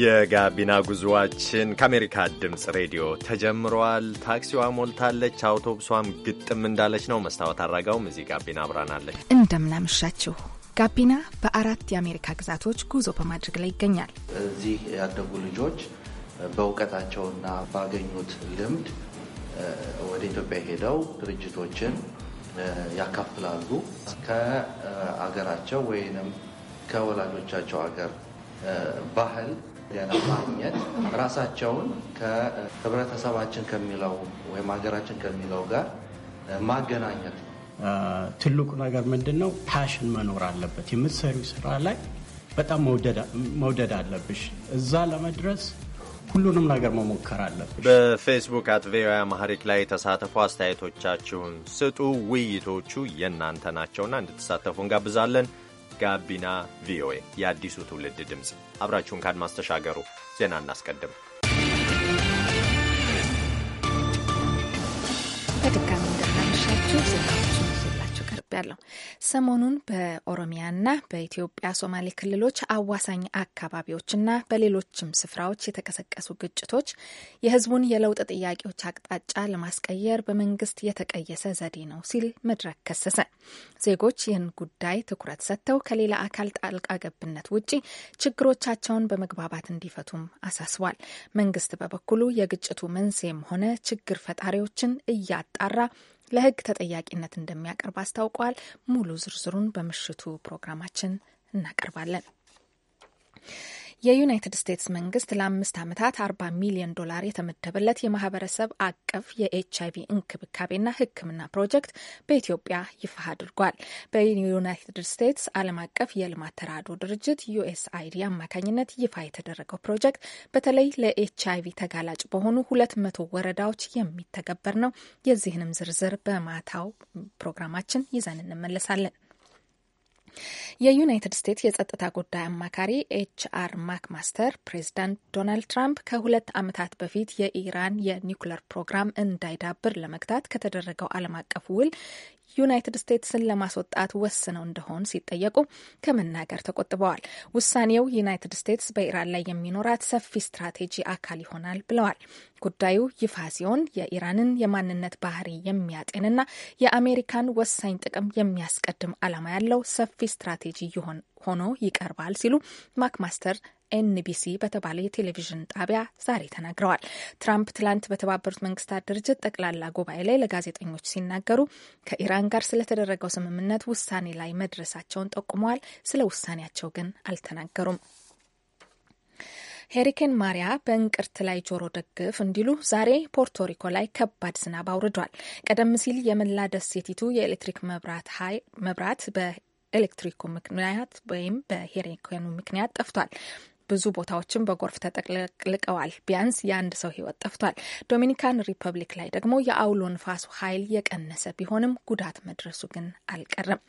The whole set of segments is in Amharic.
የጋቢና ጉዞዋችን ከአሜሪካ ድምፅ ሬዲዮ ተጀምሯል። ታክሲዋ ሞልታለች፣ አውቶቡሷም ግጥም እንዳለች ነው። መስታወት አድራጋውም እዚህ ጋቢና አብራናለች። እንደምናመሻችሁ። ጋቢና በአራት የአሜሪካ ግዛቶች ጉዞ በማድረግ ላይ ይገኛል። እዚህ ያደጉ ልጆች በእውቀታቸውና ባገኙት ልምድ ወደ ኢትዮጵያ ሄደው ድርጅቶችን ያካፍላሉ። ከአገራቸው ወይንም ከወላጆቻቸው ሀገር ባህል ለማግኘት ራሳቸውን ከህብረተሰባችን ከሚለው ወይም ሀገራችን ከሚለው ጋር ማገናኘት ትልቁ ነገር ምንድን ነው? ፓሽን መኖር አለበት። የምትሰሪው ስራ ላይ በጣም መውደድ አለብሽ። እዛ ለመድረስ ሁሉንም ነገር መሞከር አለብሽ። በፌስቡክ አት ቪኦኤ አማሪክ ላይ የተሳተፉ አስተያየቶቻችሁን ስጡ። ውይይቶቹ የእናንተ ናቸውና እንድትሳተፉ እንጋብዛለን። ጋቢና ቪኦኤ የአዲሱ ትውልድ ድምፅ። አብራችሁን ካድማስ ተሻገሩ። ዜና እናስቀድም በድጋሚ አቅርቤያለሁ። ሰሞኑን በኦሮሚያና በኢትዮጵያ ሶማሌ ክልሎች አዋሳኝ አካባቢዎችና በሌሎችም ስፍራዎች የተቀሰቀሱ ግጭቶች የሕዝቡን የለውጥ ጥያቄዎች አቅጣጫ ለማስቀየር በመንግስት የተቀየሰ ዘዴ ነው ሲል መድረክ ከሰሰ። ዜጎች ይህን ጉዳይ ትኩረት ሰጥተው ከሌላ አካል ጣልቃ ገብነት ውጪ ችግሮቻቸውን በመግባባት እንዲፈቱም አሳስቧል። መንግስት በበኩሉ የግጭቱ መንስኤም ሆነ ችግር ፈጣሪዎችን እያጣራ ለህግ ተጠያቂነት እንደሚያቀርብ አስታውቋል። ሙሉ ዝርዝሩን በምሽቱ ፕሮግራማችን እናቀርባለን። የዩናይትድ ስቴትስ መንግስት ለአምስት ዓመታት አርባ ሚሊዮን ዶላር የተመደበለት የማህበረሰብ አቀፍ የኤች አይቪ እንክብካቤና ሕክምና ፕሮጀክት በኢትዮጵያ ይፋ አድርጓል። በዩናይትድ ስቴትስ ዓለም አቀፍ የልማት ተራድኦ ድርጅት ዩኤስአይዲ አማካኝነት ይፋ የተደረገው ፕሮጀክት በተለይ ለኤች አይቪ ተጋላጭ በሆኑ ሁለት መቶ ወረዳዎች የሚተገበር ነው። የዚህንም ዝርዝር በማታው ፕሮግራማችን ይዘን እንመለሳለን። የዩናይትድ ስቴትስ የጸጥታ ጉዳይ አማካሪ ኤች አር ማክማስተር ፕሬዚዳንት ዶናልድ ትራምፕ ከሁለት ዓመታት በፊት የኢራን የኒውክለር ፕሮግራም እንዳይዳብር ለመግታት ከተደረገው ዓለም አቀፍ ውል ዩናይትድ ስቴትስን ለማስወጣት ወስነው እንደሆን ሲጠየቁ ከመናገር ተቆጥበዋል። ውሳኔው ዩናይትድ ስቴትስ በኢራን ላይ የሚኖራት ሰፊ ስትራቴጂ አካል ይሆናል ብለዋል። ጉዳዩ ይፋ ሲሆን የኢራንን የማንነት ባህሪ የሚያጤንና የአሜሪካን ወሳኝ ጥቅም የሚያስቀድም ዓላማ ያለው ሰፊ ስትራቴጂ ይሆን ሆኖ ይቀርባል ሲሉ ማክማስተር ኤንቢሲ በተባለ የቴሌቪዥን ጣቢያ ዛሬ ተናግረዋል። ትራምፕ ትላንት በተባበሩት መንግስታት ድርጅት ጠቅላላ ጉባኤ ላይ ለጋዜጠኞች ሲናገሩ ከኢራን ጋር ስለተደረገው ስምምነት ውሳኔ ላይ መድረሳቸውን ጠቁመዋል። ስለ ውሳኔያቸው ግን አልተናገሩም። ሄሪኬን ማሪያ በእንቅርት ላይ ጆሮ ደግፍ እንዲሉ ዛሬ ፖርቶሪኮ ላይ ከባድ ዝናብ አውርዷል። ቀደም ሲል የመላ ደሴቲቱ የኤሌክትሪክ መብራት ኤሌክትሪኩ ምክንያት ወይም በሄሪኬኑ ምክንያት ጠፍቷል። ብዙ ቦታዎችን በጎርፍ ተጠቅልቀዋል። ቢያንስ የአንድ ሰው ህይወት ጠፍቷል። ዶሚኒካን ሪፐብሊክ ላይ ደግሞ የአውሎ ንፋሱ ኃይል የቀነሰ ቢሆንም ጉዳት መድረሱ ግን አልቀረም።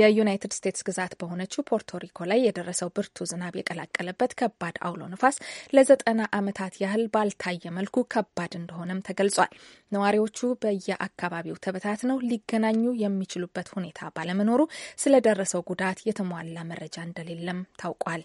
የዩናይትድ ስቴትስ ግዛት በሆነችው ፖርቶሪኮ ላይ የደረሰው ብርቱ ዝናብ የቀላቀለበት ከባድ አውሎ ንፋስ ለዘጠና ዓመታት ያህል ባልታየ መልኩ ከባድ እንደሆነም ተገልጿል። ነዋሪዎቹ በየአካባቢው ተበታትነው ሊገናኙ የሚችሉበት ሁኔታ ባለመኖሩ ስለደረሰው ጉዳት የተሟላ መረጃ እንደሌለም ታውቋል።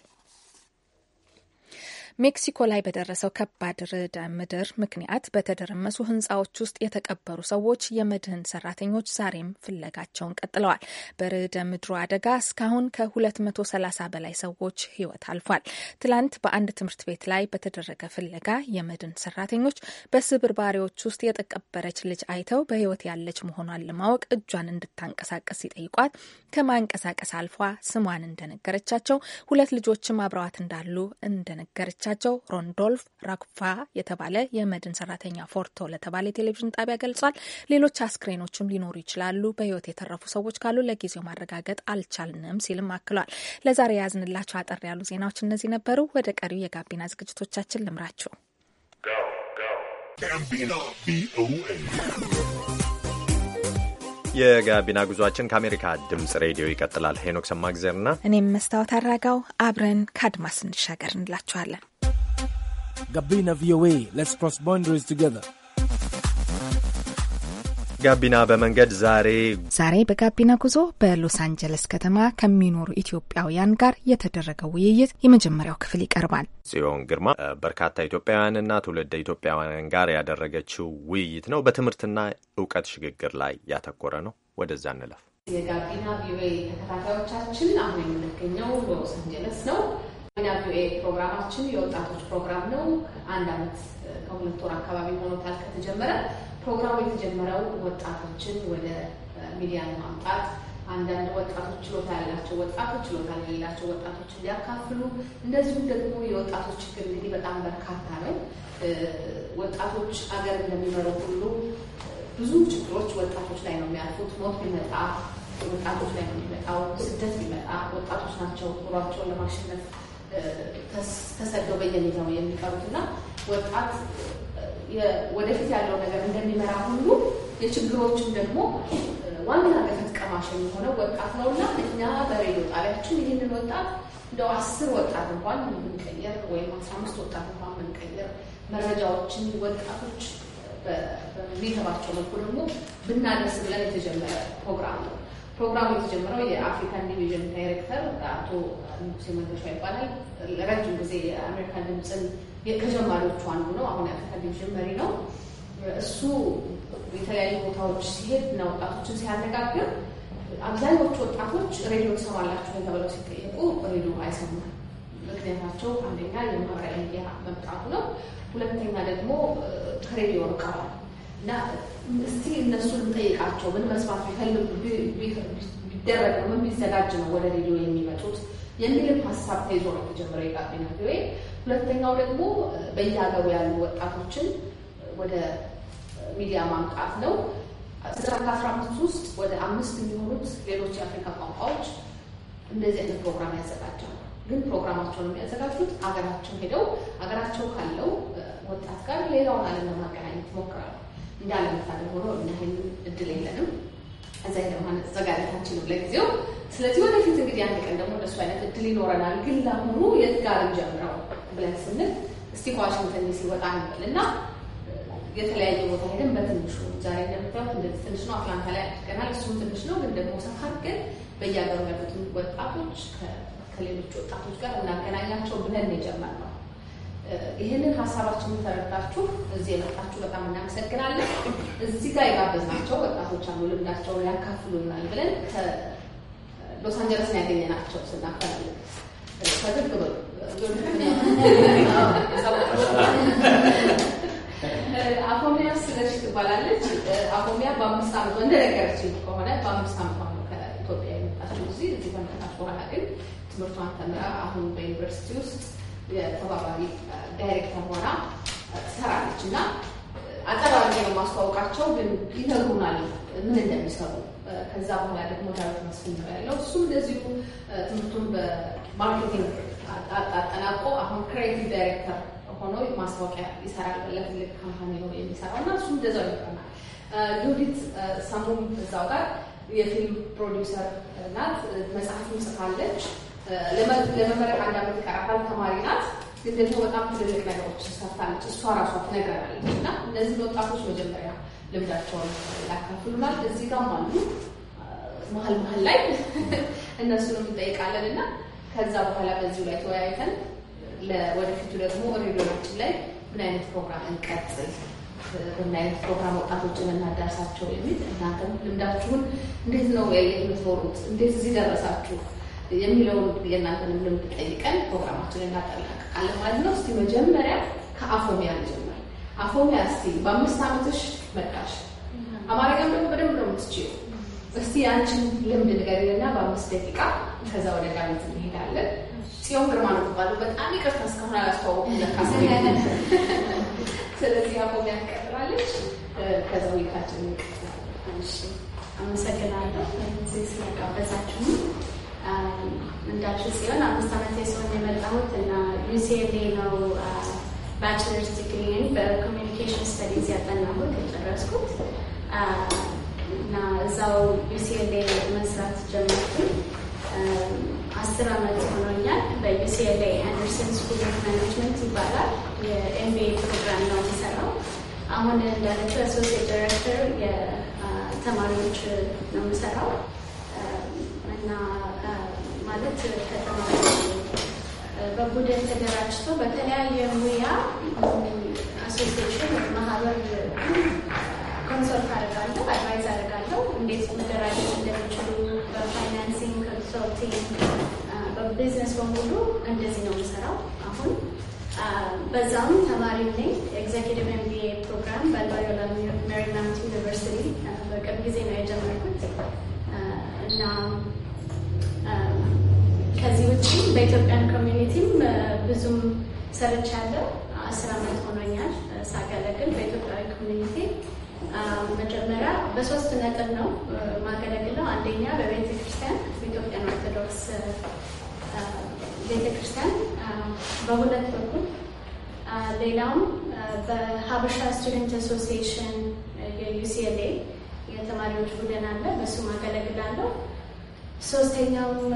ሜክሲኮ ላይ በደረሰው ከባድ ርዕደ ምድር ምክንያት በተደረመሱ ህንፃዎች ውስጥ የተቀበሩ ሰዎች የመድህን ሰራተኞች ዛሬም ፍለጋቸውን ቀጥለዋል። በርዕደ ምድሩ አደጋ እስካሁን ከ230 በላይ ሰዎች ህይወት አልፏል። ትላንት በአንድ ትምህርት ቤት ላይ በተደረገ ፍለጋ የመድህን ሰራተኞች በስብርባሪዎች ውስጥ የተቀበረች ልጅ አይተው በህይወት ያለች መሆኗን ለማወቅ እጇን እንድታንቀሳቀስ ሲጠይቋት ከማንቀሳቀስ አልፏ ስሟን እንደነገረቻቸው ሁለት ልጆችም አብረዋት እንዳሉ እንደነገረች አቻቸው ሮንዶልፍ ራክፋ የተባለ የመድን ሰራተኛ ፎርቶ ለተባለ የቴሌቪዥን ጣቢያ ገልጿል። ሌሎች አስክሬኖችም ሊኖሩ ይችላሉ። በህይወት የተረፉ ሰዎች ካሉ ለጊዜው ማረጋገጥ አልቻልንም ሲልም አክሏል። ለዛሬ ያዝንላቸው አጠር ያሉ ዜናዎች እነዚህ ነበሩ። ወደ ቀሪው የጋቢና ዝግጅቶቻችን ልምራችሁ። የጋቢና ጉዟችን ከአሜሪካ ድምጽ ሬዲዮ ይቀጥላል። ሄኖክ ሰማግዜርና እኔም መስታወት አራጋው አብረን ከአድማስ እንሻገር እንላችኋለን። ጋቢና ቪኦኤ ሌትስ ክሮስ ቦንደሪስ ቱጌዘር ጋቢና በመንገድ ዛሬ ዛሬ በጋቢና ጉዞ በሎስ አንጀለስ ከተማ ከሚኖሩ ኢትዮጵያውያን ጋር የተደረገው ውይይት የመጀመሪያው ክፍል ይቀርባል። ጽዮን ግርማ በርካታ ኢትዮጵያውያንና ትውልደ ኢትዮጵያውያን ጋር ያደረገችው ውይይት ነው። በትምህርትና እውቀት ሽግግር ላይ ያተኮረ ነው። ወደዛ እንለፍ። የጋቢና ቪኦኤ ተከታታዮቻችን አሁን የምንገኘው ሎስ አንጀለስ ነው። ዩኤ ፕሮግራማችን የወጣቶች ፕሮግራም ነው። አንድ ዓመት ከሁለት ወር አካባቢ ሆኖታል ከተጀመረ። ፕሮግራሙ የተጀመረው ወጣቶችን ወደ ሚዲያ ለማምጣት አንዳንድ ወጣቶች ችሎታ ያላቸው ወጣቶች፣ ችሎታ የሌላቸው ወጣቶች እንዲያካፍሉ፣ እንደዚሁም ደግሞ የወጣቶች ችግር እንግዲህ በጣም በርካታ ነው። ወጣቶች አገር እንደሚመሩ ሁሉ ብዙ ችግሮች ወጣቶች ላይ ነው የሚያልፉት። ሞት ቢመጣ ወጣቶች ላይ ነው የሚመጣው። ስደት ቢመጣ ወጣቶች ናቸው ኑሯቸውን ለማሸነፍ ተሰደው በየሜዳው የሚቀሩትና ወጣት ወደፊት ያለው ነገር እንደሚመራ ሁሉ የችግሮችን ደግሞ ዋና ገፈት ቀማሽ የሚሆነው ወጣት ነው እና እኛ በሬዲዮ ጣቢያችን ይህንን ወጣት እንደው አስር ወጣት እንኳን የምንቀየር ወይም አስራ አምስት ወጣት እንኳን የምንቀየር መረጃዎችን ወጣቶች በሚገባቸው መልኩ ደግሞ ብናደርስ ብለን የተጀመረ ፕሮግራም ነው። ፕሮግራሙ የተጀመረው የአፍሪካን ዲቪዥን ዳይሬክተር አቶ ንጉሴ መንገሻ ይባላል። ረጅም ጊዜ የአሜሪካን ድምፅን ከጀማሪዎቹ አንዱ ነው። አሁን የአፍሪካ ዲቪዥን መሪ ነው። እሱ የተለያዩ ቦታዎች ሲሄድ እና ወጣቶችን ሲያነጋግር አብዛኞቹ ወጣቶች ሬዲዮ ትሰማላችሁ ተብለው ሲጠየቁ ሬዲዮ አይሰማል። ምክንያታቸው አንደኛ የማህበራዊ ሚዲያ መምጣቱ ነው። ሁለተኛ ደግሞ ከሬዲዮ ርቀዋል እና እስቲ እነሱን እንጠይቃቸው ምን መስማት ቢደረግ ነው ምን ቢዘጋጅ ነው ወደ ሬዲዮ የሚመጡት የሚልም ሀሳብ ተይዞ ነው የተጀመረ የጋቢና ጉባኤ። ሁለተኛው ደግሞ በየሀገሩ ያሉ ወጣቶችን ወደ ሚዲያ ማምጣት ነው። ከአስራ አምስት ውስጥ ወደ አምስት የሚሆኑት ሌሎች የአፍሪካ ቋንቋዎች እንደዚህ አይነት ፕሮግራም ያዘጋጃሉ። ግን ፕሮግራማቸውን የሚያዘጋጁት አገራቸው ሄደው አገራቸው ካለው ወጣት ጋር ሌላውን ዓለም ለማገናኘት ይሞክራሉ። እንዳለመታደል ሆኖ እና ይህን እድል የለንም እዛ ሄደ ማዘጋጀት አንችልም ለጊዜው ስለዚህ ወደፊት እንግዲህ አንድ ቀን ደግሞ እንደሱ አይነት እድል ይኖረናል። ግን ለአሁኑ የት ጋር እንጀምረው ብለን ስንል እስቲ ከዋሽንግተን ዲሲ ወጣ እንበል እና የተለያየ ቦታ ሄደን በትንሹ ዛሬ እንደምታዩት እንደዚህ ትንሽ ነው፣ አትላንታ ላይ አድርገናል። እሱም ትንሽ ነው፣ ግን ደግሞ ሰፋ አድርገን በየሀገሩ ያሉትን ወጣቶች ከሌሎች ወጣቶች ጋር እናገናኛቸው ብለን የጀመርነው። ይህንን ሀሳባችንን ተረዳችሁ እዚህ የመጣችሁ በጣም እናመሰግናለን። እዚህ ጋር የጋበዝናቸው ወጣቶች አሉ፣ ልምዳቸውን ያካፍሉናል ብለን ሎስ አንጀለስ ነው ያገኘናቸው ስናፈላልግ አፎሚያ ስለሽ ትባላለች። አፎሚያ በአምስት ዓመቷ እንደነገረችኝ ከሆነ በአምስት ዓመቷ ነው ከኢትዮጵያ የመጣችው እዚህ በኋላ ግን ትምህርቷን ተምራ አሁን በዩኒቨርሲቲ ውስጥ የተባባሪ ዳይሬክተር ሆና ትሰራለች እና አቀራራቢ ነው ማስተዋወቃቸው፣ ግን ይነግሩናል ምን እንደሚሰሩ። ከዛ በኋላ ደግሞ ዳዊት መስፍን ነው ያለው። እሱም እንደዚሁ ትምህርቱን በማርኬቲንግ አጠናቆ አሁን ክሬቲቭ ዳይሬክተር ሆኖ ማስታወቂያ ይሰራል። ለትልቅ ካምፓኒ ነው የሚሰራው እና እሱም እንደዛው ይቀናል። ዩዲት ሰሙም እዛው ጋር የፊልም ፕሮዲውሰር ናት። መጽሐፍም ጽፋለች። ለመመረቅ አንድ ዓመት ይቀራታል። ተማሪ ናት። ግን ደግሞ በጣም ትልልቅ ነገሮች ሰርታለች እሷ ራሷ ትነግረናለች። እና እነዚህ ወጣቶች መጀመሪያ ልምዳቸውን ያካፍሉናል። እዚህ ጋርም አሉ መሀል መሀል ላይ እነሱንም እንጠይቃለን እና ከዛ በኋላ በዚሁ ላይ ተወያይተን ወደፊቱ ደግሞ ሬዲዮናችን ላይ ምን አይነት ፕሮግራም እንቀጥል፣ ምን አይነት ፕሮግራም ወጣቶችን እናዳርሳቸው የሚል እናንተም ልምዳችሁን እንዴት ነው የምትኖሩት፣ እንዴት እዚህ ደረሳችሁ የሚለውን የእናንተንም ልምድ ጠይቀን ፕሮግራማችን እናጠናቀቃለን ማለት ነው። እስቲ መጀመሪያ ከአፎሚያ እንጀምር። አፎሚያ እስቲ በአምስት ዓመትሽ መጣሽ፣ አማርኛም ደግሞ በደንብ ነው የምትችይው። እስቲ ያንቺን ልምድ ንገሪንና በአምስት ደቂቃ ከዛ ወደ ዳዊት እንሄዳለን። ጽዮን ግርማ ነው ትባለው። በጣም ይቅርታ እስካሁን አላስተዋወኩም ለካ ስለያለን። ስለዚህ አፎሚያ ትቀጥላለች፣ ከዛ ውይይታችንን እንቀጥላለን። አመሰግናለሁ ስለጋበዛችሁ። እንዳልሽ ሲሆን አምስት ዓመት የሰሆን የመጣሁት እና ዩሲኤልኤ ነው ባችለርስ ዲግሪን በኮሚኒኬሽን ስተዲዝ ያጠናሁት የጨረስኩት እና እዛው ዩሲኤልኤ መስራት ጀመርኩ አስር ዓመት ሆኖኛል። በዩሲኤልኤ አንደርሰን ስኩል ኦፍ ማኔጅመንት ይባላል የኤምቢኤ ፕሮግራም ነው የሚሰራው። አሁን እንዳለችው አሶሲየት ዳይሬክተር የተማሪዎች ነው የምሰራው እና ትምህርት ከተማሪ በቡድን ተደራጅቶ በተለያየ ሙያ አሶሲሽን ማህበር ኮንሰልት አደርጋለሁ፣ አድቫይዝ አደርጋለሁ እንዴት መደራጀት እንደሚችሉ በፋይናንሲንግ ኮንሰልቲንግ፣ በቢዝነስ በሙሉ እንደዚህ ነው የምሰራው። አሁን በዛም ተማሪ ነኝ። ኤግዜኪቲቭ ኤምቢኤ ፕሮግራም በሎዮላ ሜሪማውንት ዩኒቨርሲቲ በቅርብ ጊዜ ነው የጀመርኩት እና በኢትዮጵያን ኮሚኒቲም ብዙም ሰርቻለሁ። አስር አመት ሆኖኛል ሳገለግል በኢትዮጵያዊ ኮሚኒቲ። መጀመሪያ በሶስት ነጥብ ነው ማገለግለው። አንደኛ በቤተክርስቲያን በኢትዮጵያን ኦርቶዶክስ ቤተክርስቲያን በሁለት በኩል፣ ሌላውም በሀበሻ ስቱደንት አሶሲዬሽን የዩሲኤልኤ የተማሪዎች ቡድን አለ፣ በሱም አገለግላለሁ። ሶስተኛውም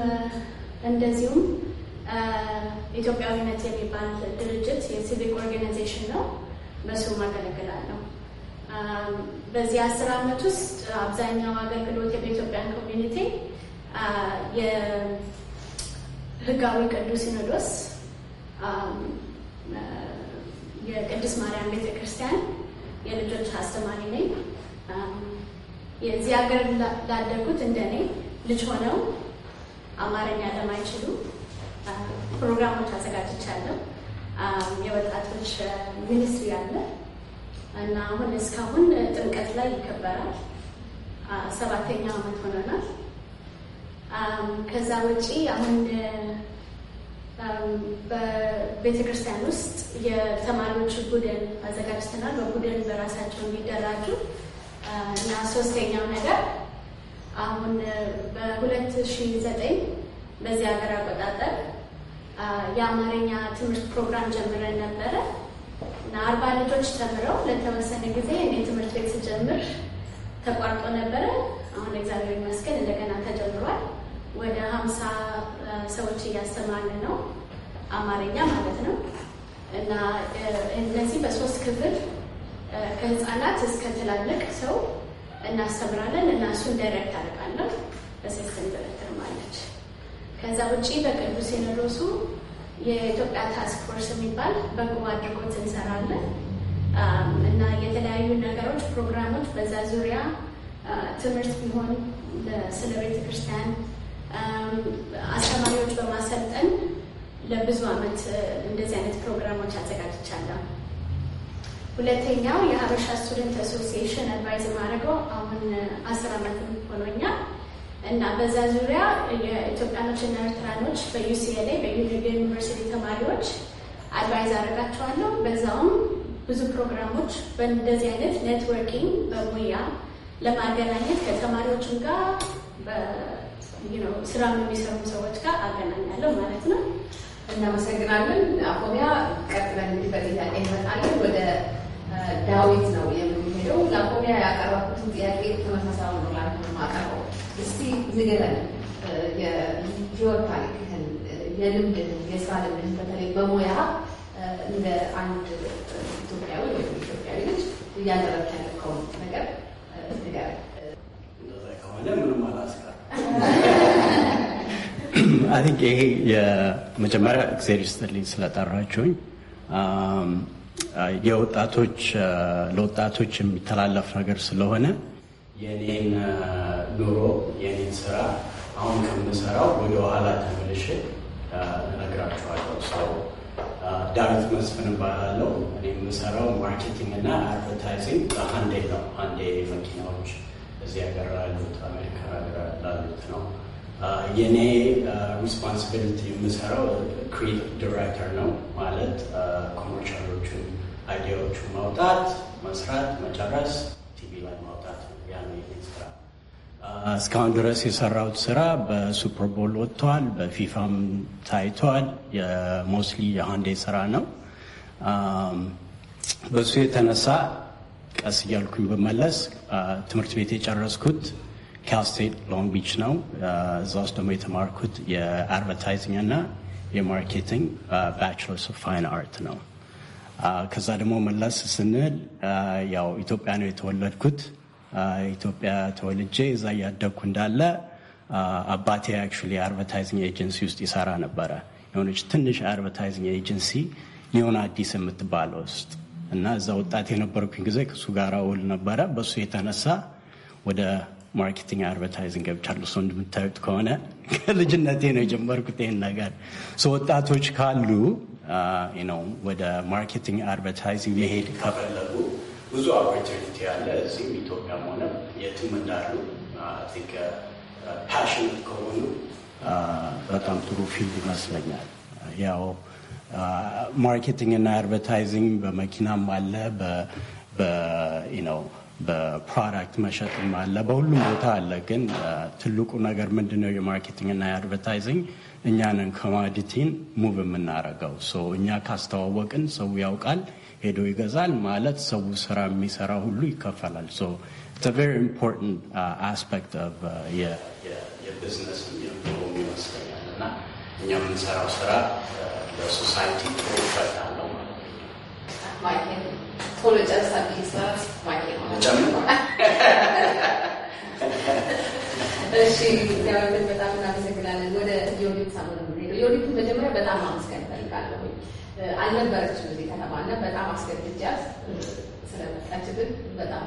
እንደዚሁም Uh, ኢትዮጵያዊነት የሚባል ድርጅት የሲቪክ ኦርጋናይዜሽን ነው። በሱ አገለግላለሁ። um, በዚህ አስር ዓመት ውስጥ አብዛኛው አገልግሎት በኢትዮጵያን ኮሚኒቲ uh, የህጋዊ ቅዱስ ሲኖዶስ፣ um, uh, የቅድስት ማርያም ቤተክርስቲያን የልጆች አስተማሪ ነኝ። um, የዚህ ሀገር ላደጉት እንደኔ ልጅ ሆነው አማርኛ ለማይችሉ ፕሮግራሞች አዘጋጅቻለሁ። የወጣቶች ሚኒስትሪ አለ እና አሁን እስካሁን ጥምቀት ላይ ይከበራል። ሰባተኛ ዓመት ሆነናል። ከዛ ውጪ አሁን በቤተክርስቲያን ውስጥ የተማሪዎች ቡድን አዘጋጅተናል። በቡድን በራሳቸው እንዲደራጁ እና ሶስተኛው ነገር አሁን በሁለት ሺህ ዘጠኝ በዚህ ሀገር አቆጣጠር የአማርኛ ትምህርት ፕሮግራም ጀምረን ነበረ እና አርባ ልጆች ተምረው ለተወሰነ ጊዜ እኔ ትምህርት ቤት ስጀምር ተቋርጦ ነበረ። አሁን እግዚአብሔር ይመስገን እንደገና ተጀምሯል። ወደ ሀምሳ ሰዎች እያስተማርን ነው፣ አማርኛ ማለት ነው እና እነዚህ በሶስት ክፍል ከህፃናት እስከ ትላልቅ ሰው እናስተምራለን እና እሱን ዳይሬክት አደርጋለሁ በሴስትን ዳይሬክተር ማለች ከዛ ውጭ በቅዱስ ሲኖዶሱ የኢትዮጵያ ታስክ ፎርስ የሚባል በጎ አድርጎት እንሰራለን እና የተለያዩ ነገሮች፣ ፕሮግራሞች በዛ ዙሪያ ትምህርት ቢሆን ስለ ቤተክርስቲያን አስተማሪዎች በማሰልጠን ለብዙ ዓመት እንደዚህ አይነት ፕሮግራሞች አዘጋጅቻለሁ። ሁለተኛው የሀበሻ ስቱደንት አሶሲዬሽን አድቫይዝ ማድረገው አሁን አስር ዓመት ሆኖኛል። እና በዛ ዙሪያ የኢትዮጵያኖች እና ኤርትራኖች በዩሲኤልኤ በዩኒቨርሲቲ ተማሪዎች አድቫይዝ አደርጋቸዋለሁ። በዛውም ብዙ ፕሮግራሞች በእንደዚህ አይነት ኔትወርኪንግ በሙያ ለማገናኘት ከተማሪዎችም ጋር ስራ የሚሰሩ ሰዎች ጋር አገናኛለሁ ማለት ነው። እናመሰግናለን። አፎሚያ ቀጥለን እንግዲህ በጥያቄ እንመጣለን። ወደ ዳዊት ነው የምንሄደው። ለአፎሚያ ያቀረብኩትን ጥያቄ ተመሳሳይ ነው ላ ማቀረው እስቲ ንገረን የህይወት ታሪክህን የልምድህን የስራ ልምድህን በተለይ በሙያ እንደ አንድ ኢትዮጵያዊ ወይም ኢትዮጵያዊ ልጅ እያደረግ ያለከውን ነገር ንገረን። እንደዛ ይሄ የመጀመሪያ እግዚአብሔር ይስጥልኝ ስለጠራችሁኝ የወጣቶች ለወጣቶች የሚተላለፍ ነገር ስለሆነ የኔን ዶሮ የኔን ስራ አሁን ከምሰራው ወደ ኋላ ተመልሼ እነግራችኋለሁ። ሰው ዳዊት መስፍን እባላለሁ። እኔ የምሰራው ማርኬቲንግ እና አድቨርታይዚንግ አንዴ ነው። አንዴ መኪናዎች እዚህ ሀገር ላሉት አሜሪካ ሀገር ላሉት ነው። የኔ ሪስፖንሲቢሊቲ የምሰራው ክሪኤቲቭ ዲሬክተር ነው ማለት ኮመርሻሎቹን አይዲያዎቹ ማውጣት፣ መስራት፣ መጨረስ እስካሁን ድረስ የሰራሁት ስራ በሱፐርቦል ወጥተዋል፣ በፊፋም ታይተዋል። የሞስሊ የአንዴ ስራ ነው። በሱ የተነሳ ቀስ እያልኩኝ በመለስ ትምህርት ቤት የጨረስኩት ካልስቴት ሎንግ ቢች ነው። እዛ ውስጥ ደግሞ የተማርኩት የአድቨርታይዚንግ እና የማርኬቲንግ ባችለርስ ኦፍ ፋይን አርት ነው። ከዛ ደግሞ መለስ ስንል ያው ኢትዮጵያ ነው የተወለድኩት ኢትዮጵያ ተወልጄ እዛ እያደግኩ እንዳለ አባቴ አክቹዋሊ አድቨርታይዚንግ ኤጀንሲ ውስጥ ይሰራ ነበረ። የሆነች ትንሽ አድቨርታይዝንግ ኤጀንሲ ሊሆን አዲስ የምትባለ ውስጥ እና እዛ ወጣት የነበርኩኝ ጊዜ ከሱ ጋር ውል ነበረ። በሱ የተነሳ ወደ ማርኬቲንግ አድቨርታይዝንግ ገብቻለሁ። ሰው እንደምታዩት ከሆነ ከልጅነቴ ነው የጀመርኩት ይህን ነገር። ወጣቶች ካሉ ነው ወደ ማርኬቲንግ አድቨርታይዝንግ ሊሄድ ከፈለጉ ብዙ ኦፖርቹኒቲ አለ እዚህም ኢትዮጵያም ሆነ የትም እንዳሉ ፓሽን ከሆኑ በጣም ጥሩ ፊልድ ይመስለኛል። ያው ማርኬቲንግ እና አድቨርታይዚንግ በመኪናም አለ፣ በፕሮዳክት መሸጥም አለ፣ በሁሉም ቦታ አለ። ግን ትልቁ ነገር ምንድነው? የማርኬቲንግ እና የአድቨርታይዚንግ እኛንን ኮማዲቲን ሙቭ የምናረገው እኛ ካስተዋወቅን ሰው ያውቃል። ሄዶ ይገዛል ማለት ሰው ስራ የሚሰራ ሁሉ ይከፈላል። ቨሪ ኢምፖርታንት አስፔክት የቢዝነስ ይመስለኛል እና እኛ የምንሰራው ስራ ለሶሳይቲ ፕሮፌት አለው ማለት ነው። በጣም አመስገን እፈልጋለሁ። አልነበረችም እዚህ ከተማ እና በጣም አስገድጃት ስለመጣችብን በጣም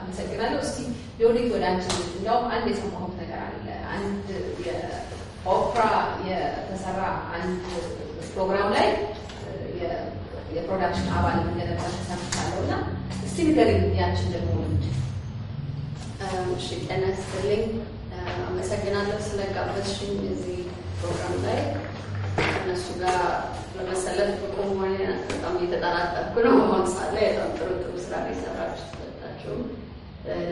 አመሰግናለሁ። እስቲ ዮዲት ወደ አንቺ እንዲያውም አንድ የሰማሁት ነገር አለ። አንድ የኦፕራ የተሰራ አንድ ፕሮግራም ላይ የፕሮዳክሽን አባል እንደነበር ተሰምቻለሁ እና እስቲ ንገሪኝ ያችን ደግሞ ምንድን እሺ፣ ጤና ይስጥልኝ። አመሰግናለሁ ስለጋበዝሽኝ እዚህ ፕሮግራም ላይ ከእነሱ ጋር በመሰለፍ ብቁ መሆን በጣም እየተጠራጠርኩ ነው። ማምሳት ላይ በጣም ጥሩ ጥሩ ስራ ላይ ሰራችሁ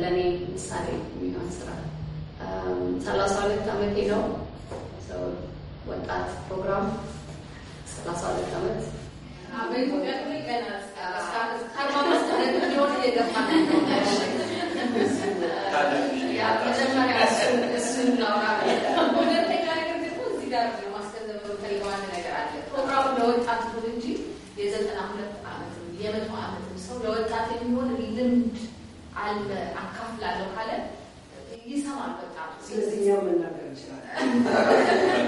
ለእኔ ምሳሌ የሚሆን ስራ ሰላሳ ሁለት ዓመቴ ነው። ወጣት ፕሮግራም ሰላሳ ሁለት ዓመት በኢትዮጵያ ገና መጀመሪያ ለወጣት ይሁን እንጂ የዘጠና ሁለት ዓመትም የመቶ ዓመትም ሰው ለወጣት የሚሆን ልምድ አለ አካፍላለሁ ካለ ይሰማል ወጣቱ። ስለዚህ እኛም መናገር እንችላለን።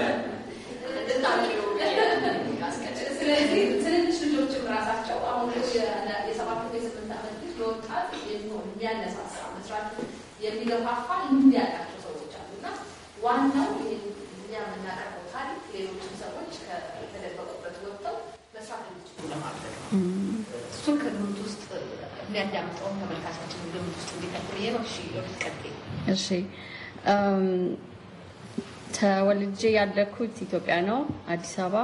ተመልካቻችን ግምት ውስጥ ብዬ እሺ ተወልጄ ያደግኩት ኢትዮጵያ ነው፣ አዲስ አበባ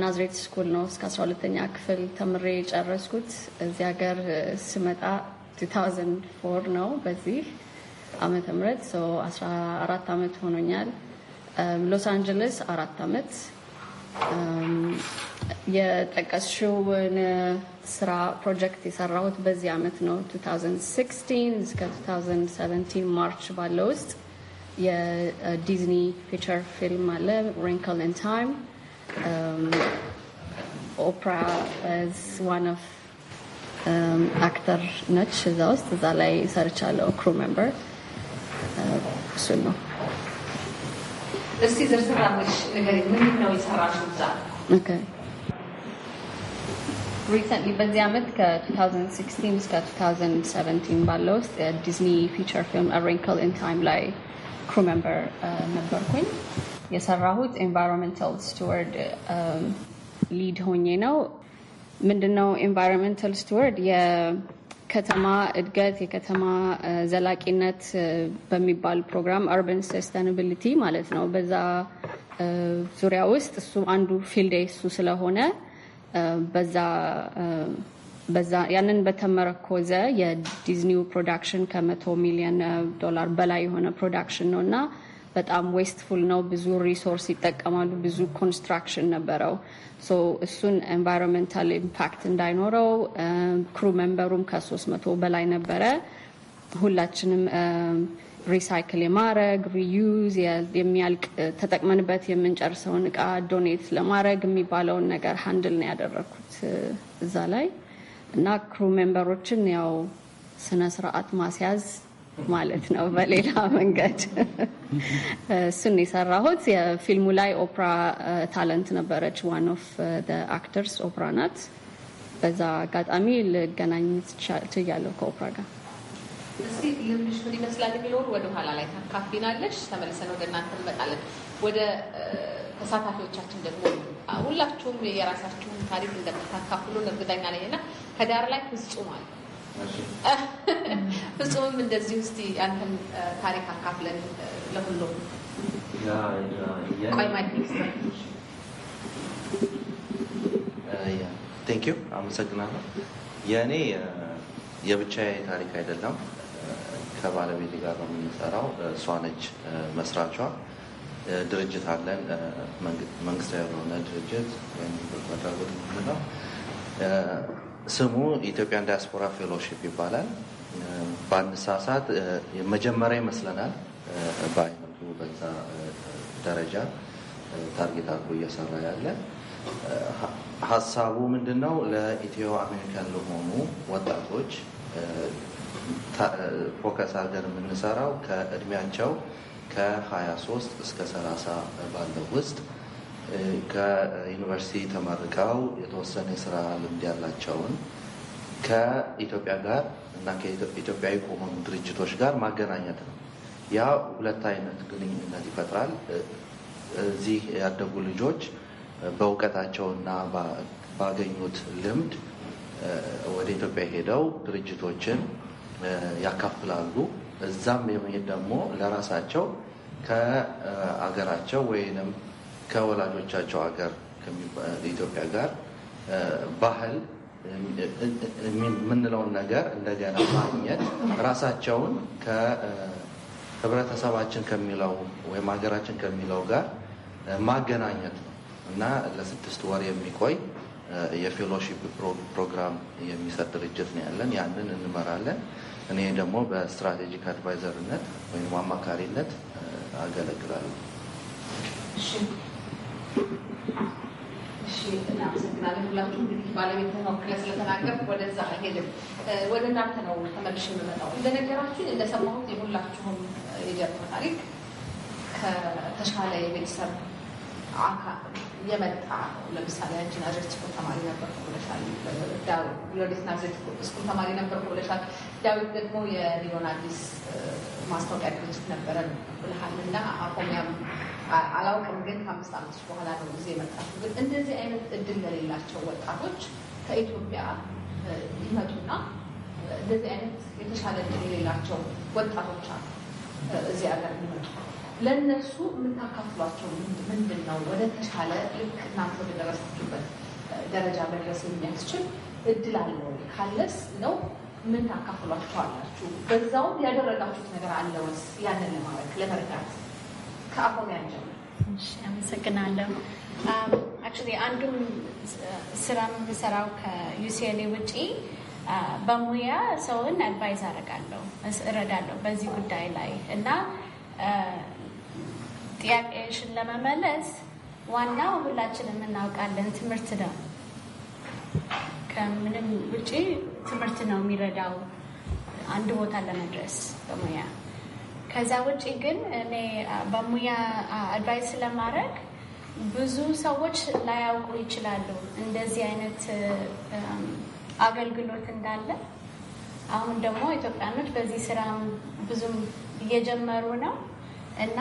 ናዝሬት ስኩል ነው እስከ 12ኛ ክፍል ተምሬ የጨረስኩት። እዚህ ሀገር ስመጣ 2004 ነው በዚህ አመተ ምህረት 14 ዓመት ሆኖኛል። ሎስ አንጀለስ አራት ዓመት የጠቀስሽውን ስራ ፕሮጀክት የሰራሁት በዚህ አመት ነው 2016 እስከ 2017 ማርች ባለው ውስጥ የዲዝኒ ፊቸር ፊልም አለ ሪንክል ኢን ታይም ኦፕራ ዋን ኦፍ አክተር ነች እዛ ውስጥ እዛ ላይ ሰርቻለሁ ክሩ ሜምበር እሱን ነው እስቲ ዝርዝር አድርገሽ ሪሰንትሊ በዚህ ዓመት ከ2016 እስከ 2017 ባለው ውስጥ የዲዝኒ ፊቸር ፊልም ሪንክል ኢን ታይም ላይ ክሩ ሜምበር uh, ነበርኩኝ። የሰራሁት ኤንቫይሮንመንታል ስቱወርድ ሊድ ሆኜ ነው። ምንድነው ኤንቫይሮንመንታል ስቲዋርድ ከተማ እድገት የከተማ ዘላቂነት በሚባል ፕሮግራም አርበን ሰስተንብሊቲ ማለት ነው። በዛ ዙሪያ ውስጥ እሱ አንዱ ፊልድ እሱ ስለሆነ በዛ በዛ ያንን በተመረኮዘ የዲዝኒው ፕሮዳክሽን ከመቶ ሚሊዮን ዶላር በላይ የሆነ ፕሮዳክሽን ነው እና በጣም ዌስትፉል ነው። ብዙ ሪሶርስ ይጠቀማሉ። ብዙ ኮንስትራክሽን ነበረው። እሱን ኤንቫይሮንሜንታል ኢምፓክት እንዳይኖረው ክሩ um, መንበሩም ከሶስት መቶ በላይ ነበረ። ሁላችንም ሪሳይክል um, የማድረግ ሪዩዝ የሚያልቅ ተጠቅመንበት የምንጨርሰውን እቃ ዶኔት ለማድረግ የሚባለውን ነገር ሀንድል ነው ያደረግኩት እዛ ላይ እና ክሩ ሜምበሮችን ያው ስነ ስርዓት ማስያዝ ማለት ነው። በሌላ መንገድ እሱን የሰራሁት የፊልሙ ላይ ኦፕራ ታለንት ነበረች። ዋን ኦፍ አክተርስ ኦፕራ ናት። በዛ አጋጣሚ ልገናኝ ትችያለሁ ከኦፕራ ጋር። እስቲ ልምድሽ ምን ይመስላል የሚለውን ላይ ታካፊናለሽ። ተመልሰን ወደ እናንተ እንመጣለን። ወደ ተሳታፊዎቻችን ደግሞ ሁላችሁም የራሳችሁን ታሪክ እንደምታካፍሉን እርግጠኛ ነኝና ከዳር ላይ ፍጹም አለ ፍጹምም እንደዚህ ውስጥ ያንተን ታሪክ አካፍለን ለሁሉም ቴንክ ዩ አመሰግናለሁ። የእኔ የብቻዬ ታሪክ አይደለም። ከባለቤት ጋር ነው የምንሰራው። እሷ ነች መስራቿ። ድርጅት አለን፣ መንግስታዊ ያልሆነ ድርጅት ወይም በጎ አድራጎት ነው ስሙ ኢትዮጵያን ዲያስፖራ ፌሎሺፕ ይባላል። በአንሳሳት መጀመሪያ ይመስለናል በአይነቱ በዛ ደረጃ ታርጌት አድርጎ እየሰራ ያለ ሀሳቡ ምንድን ነው? ለኢትዮ አሜሪካን ለሆኑ ወጣቶች ፎከስ አድርገን የምንሰራው ከእድሜያቸው ከ23 እስከ 30 ባለው ውስጥ ከዩኒቨርሲቲ ተመርቀው የተወሰነ የስራ ልምድ ያላቸውን ከኢትዮጵያ ጋር እና ከኢትዮጵያዊ ከሆኑ ድርጅቶች ጋር ማገናኘት ነው። ያ ሁለት አይነት ግንኙነት ይፈጥራል። እዚህ ያደጉ ልጆች በእውቀታቸውና ባገኙት ልምድ ወደ ኢትዮጵያ ሄደው ድርጅቶችን ያካፍላሉ። እዛም የመሄድ ደግሞ ለራሳቸው ከአገራቸው ወይንም ከወላጆቻቸው ሀገር ኢትዮጵያ ጋር ባህል የምንለውን ነገር እንደገና ማግኘት ራሳቸውን ከህብረተሰባችን ከሚለው ወይም ሀገራችን ከሚለው ጋር ማገናኘት ነው እና ለስድስት ወር የሚቆይ የፌሎሺፕ ፕሮግራም የሚሰጥ ድርጅት ነው ያለን። ያንን እንመራለን። እኔ ደግሞ በስትራቴጂክ አድቫይዘርነት ወይም አማካሪነት አገለግላለሁ። እናመሰግናለን። ሁላችሁም እንግዲህ ባለቤት ወክለህ ስለተናገርኩ ወደዛ አይሄድም። ወደ እናንተ ነው ተመልሼ የምመጣው። እንደነገራችሁ እንደሰማሁት የሁላችሁም የጀርባ ታሪክ ከተሻለ የቤተሰብ አካል የመጣ ነው። ለምሳሌ አንቺ ናዝሬት ስኩል ተማሪ ነበርኩ ብለሻል። ዮዴት ናዝሬት ስኩል ተማሪ ነበርኩ ብለሻል። ዳዊት ደግሞ የሚሊዮን አዲስ ማስታወቂያ ድርጅት ነበረ ብለሃል እና አፎሚያም አላውቅም፣ ግን ከአምስት ዓመት በኋላ ነው ጊዜ መጣቱ። ግን እንደዚህ አይነት እድል ለሌላቸው ወጣቶች ከኢትዮጵያ ሊመጡና እንደዚህ አይነት የተሻለ እድል የሌላቸው ወጣቶች አሉ እዚህ ሀገር ሊመጡ ለእነሱ የምታካፍሏቸው ምንድን ነው? ወደ ተሻለ ልክ እናንተ ወደ ደረጃ መድረስ የሚያስችል እድል አለ ወይ? ካለስ ነው ምን ታካፍሏቸው አላችሁ? በዛውም ያደረጋችሁት ነገር አለ ወይስ? ያንን ለማድረግ ለመርዳት ከአሁኑ ያንጀምር። አመሰግናለሁ። አክቹዋሊ um, አንዱም ስራ የምሰራው ከዩሲኤልኤ ውጪ uh, በሙያ ሰውን አድቫይዝ አደርጋለሁ፣ እረዳለሁ በዚህ ጉዳይ ላይ እና uh, ጥያቄሽን ለመመለስ ዋናው ሁላችንም እናውቃለን ትምህርት ነው። ከምንም ውጪ ትምህርት ነው የሚረዳው አንድ ቦታ ለመድረስ በሙያ ከዛ ውጭ ግን እኔ በሙያ አድቫይስ ስለማድረግ ብዙ ሰዎች ላያውቁ ይችላሉ እንደዚህ አይነት አገልግሎት እንዳለ። አሁን ደግሞ ኢትዮጵያኖች በዚህ ስራ ብዙም እየጀመሩ ነው እና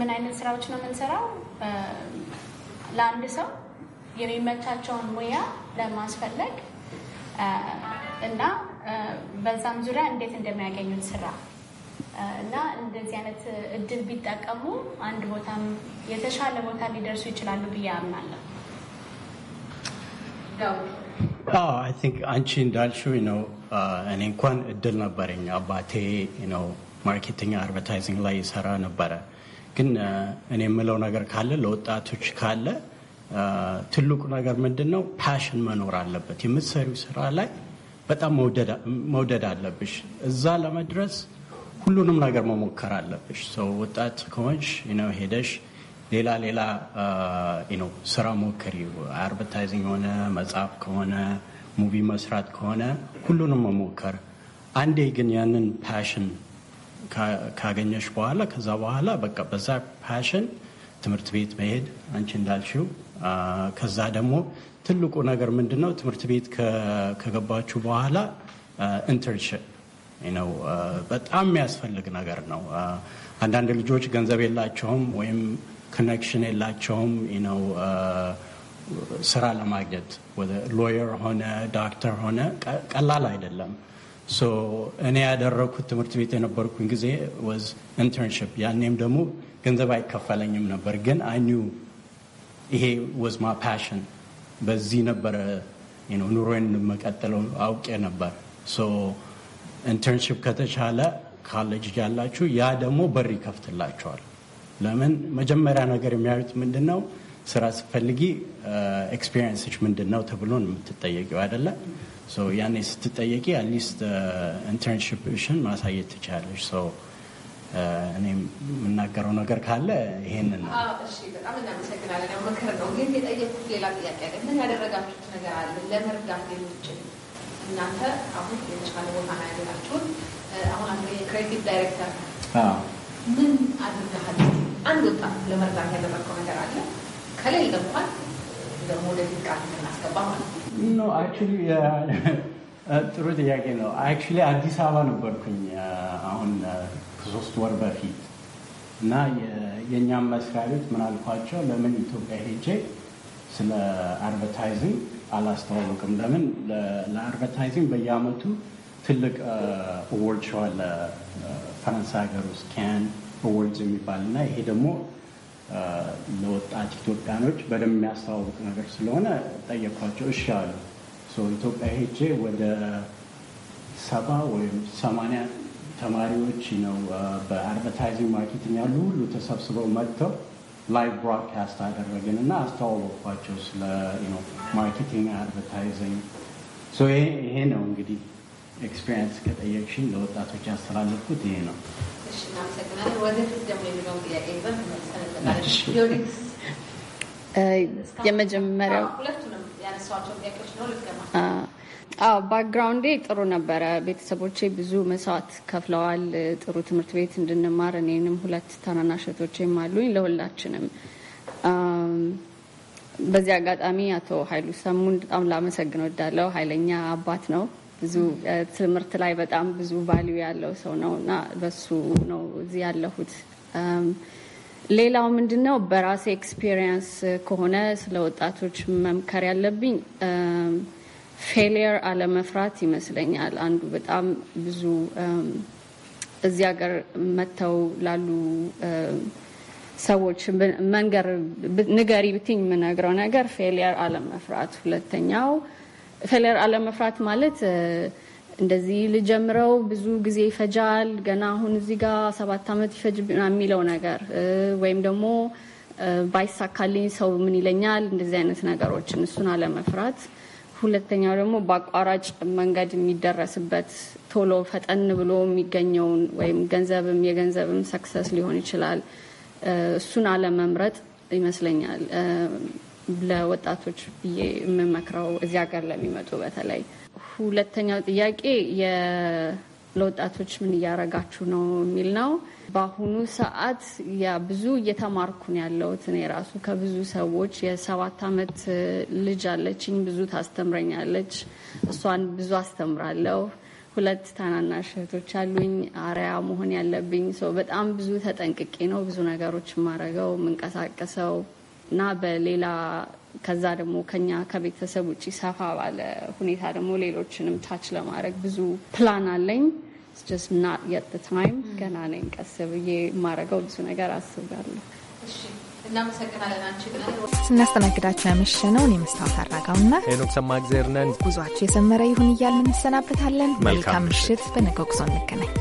ምን አይነት ስራዎች ነው የምንሰራው? ለአንድ ሰው የሚመቻቸውን ሙያ ለማስፈለግ እና በዛም ዙሪያ እንዴት እንደሚያገኙት ስራ እና እንደዚህ አይነት እድል ቢጠቀሙ አንድ ቦታም የተሻለ ቦታ ሊደርሱ ይችላሉ ብዬ አምናለሁ። አይ ቲንክ አንቺ እንዳልሽው ነው። እኔ እንኳን እድል ነበረኝ። አባቴ ነው ማርኬቲንግ አድቨርታይዚንግ ላይ ይሰራ ነበረ። ግን እኔ የምለው ነገር ካለ ለወጣቶች ካለ ትልቁ ነገር ምንድን ነው? ፓሽን መኖር አለበት። የምትሰሪው ስራ ላይ በጣም መውደድ አለብሽ። እዛ ለመድረስ ሁሉንም ነገር መሞከር አለብሽ። ሰው ወጣት ከሆንሽ ነው ሄደሽ ሌላ ሌላ ነው ስራ ሞከሪ። አድቨርታይዚንግ የሆነ መጽሐፍ ከሆነ ሙቪ መስራት ከሆነ ሁሉንም መሞከር። አንዴ ግን ያንን ፓሽን ካገኘሽ በኋላ ከዛ በኋላ በቃ በዛ ፓሽን ትምህርት ቤት መሄድ አንቺ እንዳልሽው። ከዛ ደግሞ ትልቁ ነገር ምንድን ነው ትምህርት ቤት ከገባችሁ በኋላ ኢንተርንሽፕ ነው። በጣም የሚያስፈልግ ነገር ነው። አንዳንድ ልጆች ገንዘብ የላቸውም ወይም ኮኔክሽን የላቸውም ነው ስራ ለማግኘት ወደ ሎየር ሆነ ዶክተር ሆነ ቀላል አይደለም። ሶ እኔ ያደረግኩት ትምህርት ቤት የነበርኩኝ ጊዜ ወዝ ኢንተርንሽፕ። ያኔም ደግሞ ገንዘብ አይከፈለኝም ነበር፣ ግን አይ ኒው ይሄ ወዝ ማ ፓሽን በዚህ ነበረ ኑሮዬን መቀጠለው አውቄ ነበር ሶ ኢንተርንሽፕ ከተቻለ ካለጅ ያላችሁ ያ ደግሞ በር ይከፍትላቸዋል። ለምን መጀመሪያ ነገር የሚያዩት ምንድን ነው? ስራ ስትፈልጊ ኤክስፒሪየንሶች ምንድን ነው ተብሎ ነው የምትጠየቂው አይደለ? ያኔ ስትጠየቂ አትሊስት ኢንተርንሽፕሽን ማሳየት ትችላለች። እኔ የምናገረው ነገር ካለ ይሄንን ነው። በጣም እናመሰግናለን። ምክር ነው ግን የጠየቁት ሌላ ጥያቄ ምን ያደረጋችሁት ነገር አለ ለመርዳት የሚችል እናንተ አሁን የተሻለ ቦታ ላይ ያላችሁት አሁን አንተ የክሬቲቭ ዳይሬክተር ምን አድርገሃል? አንድ ወጣት ለመርዳት ያደረገው ነገር አለ? ከሌለ እንኳን ደግሞ ወደፊት ቃል እናስገባ ማለት ነው። አክቹዋሊ ጥሩ ጥያቄ ነው። አክቹዋሊ አዲስ አበባ ነበርኩኝ አሁን ከሶስት ወር በፊት እና የእኛም መስሪያ ቤት ምን አልኳቸው፣ ለምን ኢትዮጵያ ሄጄ ስለ አድቨርታይዚንግ አላስተዋወቅም። ለምን ለአድቨርታይዚንግ በየአመቱ ትልቅ አዋርድ ሾው አለ ፈረንሳይ ሀገር ውስጥ ካን አዋርድስ የሚባል እና ይሄ ደግሞ ለወጣት ኢትዮጵያኖች በደንብ የሚያስተዋውቅ ነገር ስለሆነ ጠየኳቸው። እሺ አሉ። ኢትዮጵያ ሄጄ ወደ ሰባ ወይም ሰማንያ ተማሪዎች ነው በአድቨርታይዚንግ ማርኬቲንግ ያሉ ሁሉ ተሰብስበው መጥተው ላይቭ ብሮድካስት አደረግን እና አስተዋወቅኳቸው ስለ ማርኬቲንግ፣ አድቨርታይዚንግ። ይሄ ነው እንግዲህ ኤክስፔሪንስ ከጠየቅሽኝ ለወጣቶች ያስተላለፍኩት ይሄ ነው። የመጀመሪያው ባክግራውንዴ ጥሩ ነበረ። ቤተሰቦቼ ብዙ መስዋዕት ከፍለዋል። ጥሩ ትምህርት ቤት እንድንማር እኔንም ሁለት ታናናሸቶቼም አሉኝ ለሁላችንም። በዚህ አጋጣሚ አቶ ሀይሉ ሰሙን በጣም ላመሰግን ወዳለው። ኃይለኛ አባት ነው። ብዙ ትምህርት ላይ በጣም ብዙ ቫሊዩ ያለው ሰው ነው እና በሱ ነው እዚህ ያለሁት። ሌላው ምንድን ነው በራሴ ኤክስፒሪየንስ ከሆነ ስለ ወጣቶች መምከር ያለብኝ ፌሊየር አለመፍራት ይመስለኛል አንዱ በጣም ብዙ እዚህ ሀገር መጥተው ላሉ ሰዎች መንገር ንገሪ ብትኝ የምነግረው ነገር ፌሊየር አለመፍራት። ሁለተኛው ፌሊየር አለመፍራት ማለት እንደዚህ ልጀምረው ብዙ ጊዜ ይፈጃል፣ ገና አሁን እዚህ ጋር ሰባት ዓመት ይፈጅ የሚለው ነገር ወይም ደግሞ ባይሳካልኝ ሰው ምን ይለኛል፣ እንደዚህ አይነት ነገሮችን እሱን አለመፍራት ሁለተኛው ደግሞ በአቋራጭ መንገድ የሚደረስበት ቶሎ ፈጠን ብሎ የሚገኘውን ወይም ገንዘብም የገንዘብም ሰክሰስ ሊሆን ይችላል። እሱን አለመምረጥ ይመስለኛል ለወጣቶች ብዬ የምመክረው እዚህ ሀገር ለሚመጡ በተለይ። ሁለተኛው ጥያቄ ለወጣቶች ምን እያረጋችሁ ነው የሚል ነው። በአሁኑ ሰዓት ያ ብዙ እየተማርኩ ነው ያለሁት። እኔ ራሱ ከብዙ ሰዎች የሰባት አመት ልጅ አለችኝ። ብዙ ታስተምረኛለች። እሷን ብዙ አስተምራለሁ። ሁለት ታናናሽ እህቶች አሉኝ። አርያ መሆን ያለብኝ ሰው በጣም ብዙ ተጠንቅቄ ነው ብዙ ነገሮች የማረገው የምንቀሳቀሰው እና በሌላ ከዛ ደግሞ ከኛ ከቤተሰብ ውጭ ሰፋ ባለ ሁኔታ ደግሞ ሌሎችንም ታች ለማድረግ ብዙ ፕላን አለኝ። Mm. ገና ነኝ። ቀስ ብዬ የማረገው ብዙ ነገር አስባለሁ። ስናስተናግዳችሁ ያመሸ ነው እኔ መስታወት አራጋውና ሄኖክ ሰማ እግዜር ነን። ጉዟችሁ የሰመረ ይሁን እያልን እንሰናበታለን። መልካም ምሽት። በነገው ጉዞ እንገናኝ።